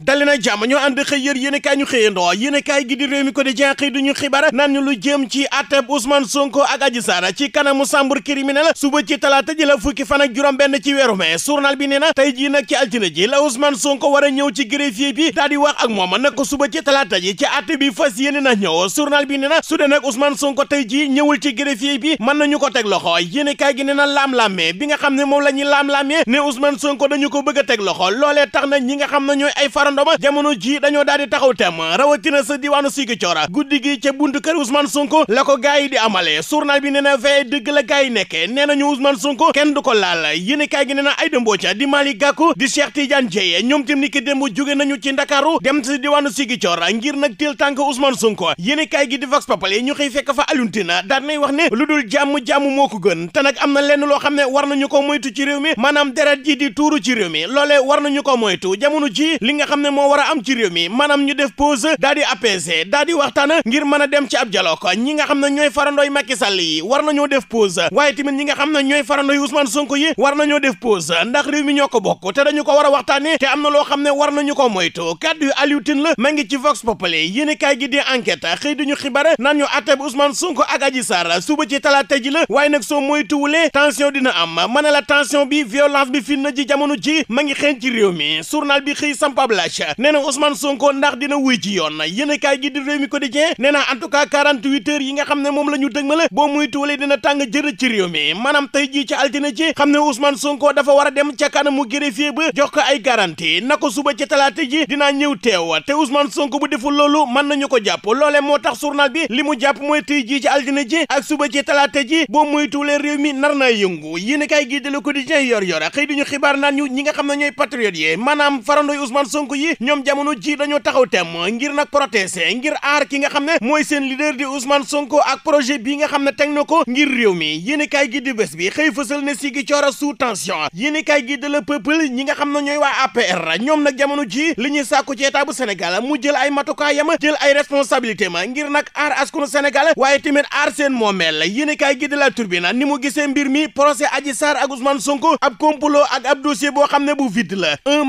dali na jàmm ñoo ànd xëy yër yéen ñu xëyandoo yéen kaay gi di réew mi ko di jenqëy du ñu xibaar nan ñu lu jëm ci atteb Ousmane Sonko ak Adji Sarr ci kanamu chambre criminelle suba ci talaata ji la fukki fan ak juróom benn ci weeru mai journal bi nee na tey jii nag ci altine ji la Ousmane Sonko war a ñëw ci greffier bi daal di wax ak moom nag ko suba ci talaata ji ci atte bi fas yéene na ñëw journal bi nee na su dee nag Ousmane Sonko tey jii ñëwul ci greffier bi mën nañu ko teg loxo yéen gi nee na laam-laamee bi nga xam ne moom la ñuy laam-laamee ne Ousmane dañu ko bëgg teg loxo loolee tax na ñi nga xam ne ñooy ay far xarandoma jamono ji dañoo daal di taxaw tem rawatina sa diwaanu Ziguinchor guddi gi ca buntu kër Ousmane Sonko la ko gars yi di amale journal bi nee na veye dëgg la gars yi nekke nee nañu Ousmane Sonko kenn du ko laal yéen kaay gi nee na Aïda Mbodj di Malick Gakou di Cheikh Tidiane Dièye ñoom tim ni ki démb jóge nañu ci Ndakaaru dem si diwaanu Ziguinchor ngir na teel tànk Ousmane Sonko yéen kaay gi di Vox Populi ñu xëy fekk fa Alioune Tine daal nay wax ne lu dul jàmm-jàmm ko gën te nag am na lenn loo xam ne war nañu ko moytu ci réew mi maanaam deret ji di tuuru ci réew mi loolee war nañu ko moytu jamono ji xam ne moo war a am ci réew mi ñu def pause daa di apaiser daa waxtaan ngir mën a dem ci ab dialogue ñi nga xam ne ñooy farandooy Macky Sall yi war nañoo def pause waaye tamit ñi nga xam ne ñooy farandooy Ousmane Sonko yi war nañoo def pause ndax réew mi ñoo ko bokk te dañu ko war a waxtaane te am na loo xam ne war nañu ko moytu kàddu yu Aliou Tine la ma ngi ci Vox Populi yéenekaay gi di enquête xëy duñu xibaar naan ñu atteb Ousmane Sonko ak Adji Sarr suba ci talaata ji la waaye nag soo moytuwulee tension dina am ma la tension bi violence bi fin na ji jamono ji ma ngi xeeñ ci réew mi journal bi xëy sampabla laaj nee na Ousmane Sonko ndax dina wuy ci yoon yéenekaay gi di Rewmi Quotidien nee na en tout cas 48 heures yi nga xam ne moom la ñu dëgmale boo muy tuulee dina tàng jër ci réew mi maanaam tey jii ci altine ci xam ne Ousmane Sonko dafa war a dem ca kanamu greffier ba jox ko ay garantie na suba ci talaata ji dinaa ñëw teew te Ousmane Sonko bu deful loolu mën nañu ko jàpp loolee moo tax journal bi li mu jàpp mooy tey jii ci altine ji ak suba ci talaata ji boo muy tuulee réew mi nar naa yëngu yéenekaay gi di Le Quotidien yor yor xëy duñu xibaar naan ñu ñi nga xam ne ñooy patriotes yi maanaam farandoy Ousmane Sonko yi ñoom jamono ji dañoo taxaw tem ngir nag protester ngir aar ki nga xam ne mooy seen leader di Ousmane Sonko ak projet bii nga xam ne teg na ko ngir réew mi yéenekaay gi di bés bi xëy fësal ne si gi coora sous tension yéenekaay gi de la peuple ñi nga xam ne ñooy waa APR ñoom nag jamono ji li ñuy sàkku ci état bu Sénégal mu jël ay matukaayam jël ay responsabilité ma ngir nag aar askanu Sénégal waaye tamit aar seen moomeel yéenekaay gi de la Tribune ni mu gisee mbir mi procès Adji Sarr Sonko ab complot ak boo xam ne bu vide la un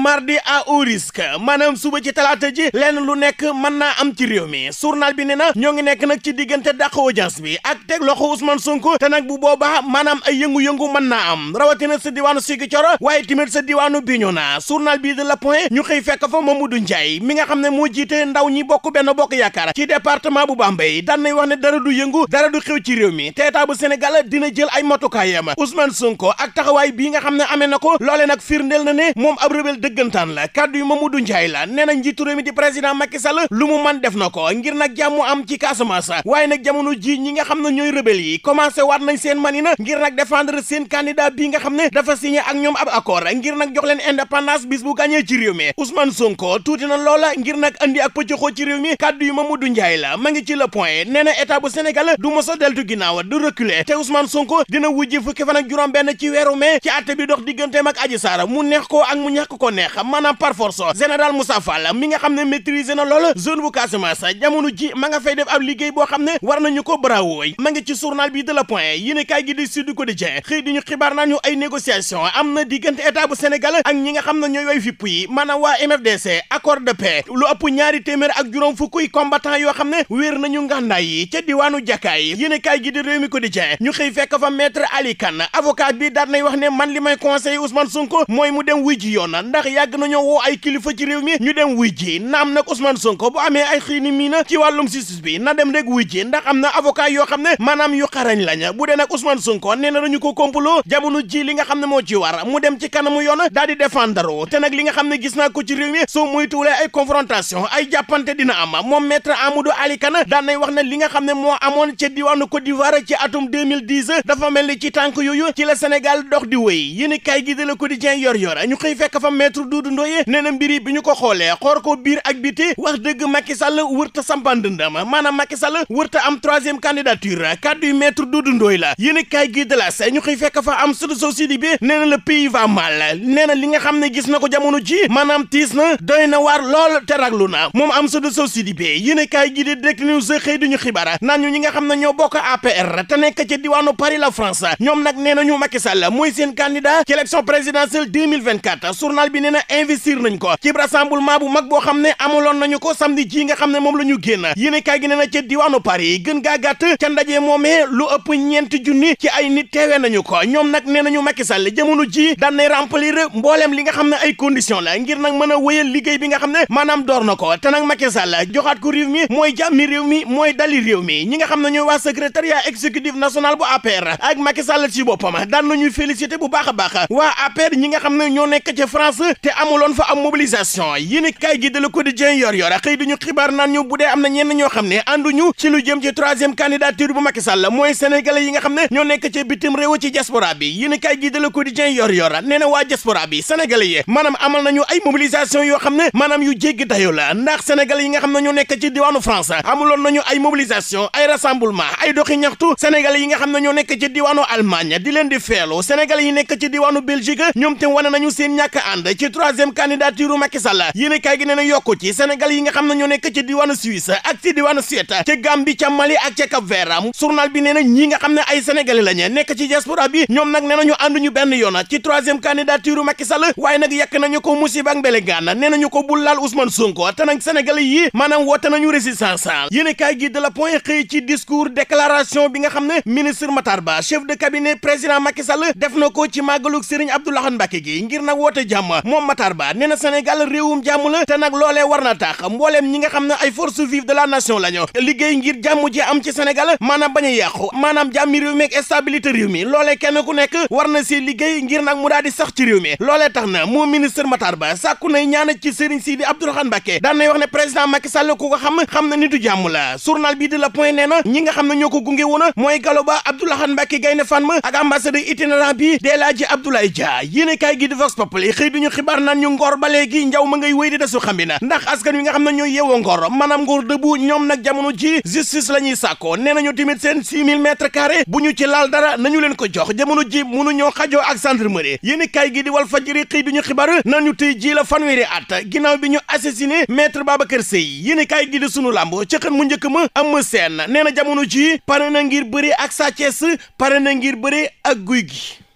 maanaam suba ci talaata ji lenn lu nekk mën naa am ci réew mi journal bi ne na ñoo ngi nekk nag ci diggante dàq bi ak teg loxo Ousmane Sonko te nag bu boobaa maanaam ay yëngu-yëngu mën naa am rawatina sa diwaanu Ziguinchor waaye tamit sa diwaanu Bignona journal bii de la point ñu xëy fekk mu Mamadou Ndiaye mi nga xam ne moo jiite ndaw ñi bokk benn bokk yaakaar ci département bu Bambey daan nay wax ne dara du yëngu dara du xew ci réew mi te état bu Sénégal dina jël ay matukaayam Ousmane Sonko ak taxawaay bii nga xam ne amee na ko loole nag firndeel na ne moom ab rebel dëggantaan la kàddu yu Mamadou Ndiaye la nee na njiitu réew mi di président Macky Sall lu mu man def na ko ngir nag jàmm am ci Casamance waaye nag jamono ji ñi nga xam ne ñooy rebelle yi commencé waat nañ seen manina ngir nag défendre seen candidat bi nga xam ne dafa signé ak ñoom ab accord ngir nag jox leen indépendance bis bu gàñee ci réew tuuti na loola ngir nag andi ak pëccëxoo ci réew mi kàddu yu Mamadou Ndiaye la ma ngi ci le point nee na état bu Sénégal du mos a deltu ginnaaw du reculer te Ousmane Sonko dina wujji fukki fan ak juróom benn ko ak mu général Moussa Fall mi nga xam ne maîtriser na lool bu Casamance jamono ji ma nga fay def ab liggéey boo xam ne war nañu ko brawooy ma ngi ci journal bi de la point yéen kaay di Sud Quotidien xëy di ñu xibaar naa ñu ay négociation am na diggante état bu ak ñi nga xam ne ñooy way fipp yi maanaam waa MFDC accord de paix lu ëpp ñaari téeméer ak juróom fukkuy combattant yoo xam ne wéer nañu ngàndaay yi ca diwaanu jàkkaay yéen ne man li may conseil Ousmane Sonko mooy mu dem wuy ji yoon ndax yàgg ci réew mi ñu dem wuy ji naam nag Ousmane Sonko bu amee ay xiini mii na ci wàllum justice na dem rek wuy ji ndax am na avocat yoo xam ne maanaam yu xarañ lañ bu dee nag Ousmane Sonko nee na ñu ko complot jamono ji li nga xam ne moo ci war mu dem ci kanamu yoon daal di défendre te nag li nga xam ne gis naa ko ci réew mi soo moytuwulee ay confrontation ay jàppante dina am moom maître Amadou Ali Kane daan nay wax ne li nga xam ne moo amoon ca diwaanu ko d'Ivoire ci atum 2010 dafa mel ni ci tànk yooyu ci la Sénégal dox di w yéen kay gi de la quotidien yor yor ñu xëy fekk fa maître Doudou Ndoye nee na mbiri bi ñu ko xoolee xoor ko biir ak biti wax dëgg Macky Sall wërta sampandëndama maanaam Macky Sall wërta am troisième candidature kàddu yu maître Doudou Ndoye la yéen kaay gi de la ñu koy fekk fa am sud société bi nee na le pays va mal li nga xam ne gis na ko jamono ji maanaam tiis na doy na waar lool te raglu na moom am sud société bi yéen kaay gi di Direct News xëy duñu xibaar naan ñu ñi nga xam ne ñoo bokk nekk ci diwaanu Paris la France ñoom nag nee nañu Macky Sall mooy seen candidat ci élection présidentielle 2024 journal bi nee na investir nañ ko ci rassemblement bu mag boo xam ne amuloon nañu ko samedi ji nga xam ne moom la ñu génn yéene kaay gi nee na ca diwaanu Paris gën gaa gàtt ca ndaje moomee lu ëpp ñeenti junni ci ay nit teewee nañu ko ñoom nag nee nañu Macky Sall jamono ji daan nay remplir mbooleem li nga xam ne ay condition la ngir nag mën a wéyal liggéey bi nga xam ne maanaam door na ko te nag Macky Sall joxaat ko réew mi mooy jàmmi mi mooy dali mi ñi nga xam ne ñooy waa secrétariat exécutif national bu APR ak Macky Sall ci boppam daan baax a waa ñi nga xam ne ñoo nekk ca France te amuloon fa am mobilisation libération yéen kay gi de Le Quotidien yor yor a xëy duñu xibaar naan ñu bu am na ñenn ñoo xam ne ànduñu ci lu jëm ci troisième candidature bu Macky Sall mooy sénégalais yi nga xam ne ñoo nekk ci bitim réew ci diaspora bi yéen kay gi de Le Quotidien yor yor a nee na waa diaspora bi sénégalais yi maanaam amal ay mobilisation yoo xam ne maanaam yu jéggi dayo la ndax sénégalais yi nga xam ne ñoo nekk ci diwaanu France amuloon nañu ay mobilisation ay rassemblement ay doxi yi nga xam ne ñoo nekk ci diwaanu Allemagne di leen di feelu yi nekk ci diwaanu Belgique ñoom tam wane nañu seen ñàkk ànd ci Macky Sall yéene kaay gi nee na yokku ci Sénégal yi nga xam ne ñoo nekk ci diwaanu Suisse ak ci diwaanu Suède ca Gambie ca ak ca Cap Vert journal bi nee na ñi nga xam ne ay sénégalais lañu nekk ci diaspora bi ñoom nag ñu na ñu ànduñu benn yoon ci troisième candidature Macky Sall waaye nag yàq nañu ko musiba ak mbelengaan nee nañu ko bul laal Ousmane Sonko te nag sénégalais yi maanaam woote nañu résistance yéene kaay gi de la point xëy ci discours déclaration bi nga xam ne ministre Matar Ba chef de cabinet président Macky Sall def na ko ci màggalug Serigne Abdoulaye Mbacke gi ngir nag woote jàmm moom Matar Ba nee na Sénégal réewum jàmm la te nag loolee war na tax mbooleem ñi nga xam ne ay force vive de la nation la ñu liggéey ngir jàmm ji am ci Sénégal maanaam bañ a yàqu maanaam jàmmi réew mi ak stabilité réew mi loolee kenn ku nekk war na si liggéey ngir nag mu daal di sax ci réew mi loolee tax na moom ministre Matar Ba sàkku nay ñaan ci Serigne Sidi Abdourahmane Mbacké daan nay wax ne président Macky Sall ku ko xam xam na nitu jàmm la journal bii la point nee na ñi nga xam ne ñoo ko gunge woon mooy Galoba Abdourahmane Mbacké Gaïndé gi di Vox Populi xëy duñu xibaar jaw ma ngay wéy di desu xam bi na ndax askan wi nga xam ne ñooy yeewoo ngor maanaam nguur dëbu ñoom nag jamono ji justice la ñuy sàkkoo nee nañu tamit seen six mille mètres carrés bu ñu ci lal dara nañu leen ko jox jamono ji mënuñoo xajoo ak gendarmerie yéeni kaay gi di wal fajiri xëy duñu xibaar nañu tey ji la fanweeri at ginnaaw bi ñu assassiné maître Babacar Sèye yéeni kaay gi di sunu làmb ci xën mu njëkk ma am seen nee na jamono ji pare na ngir bëri ak Sa pare na ngir bëri ak guy gi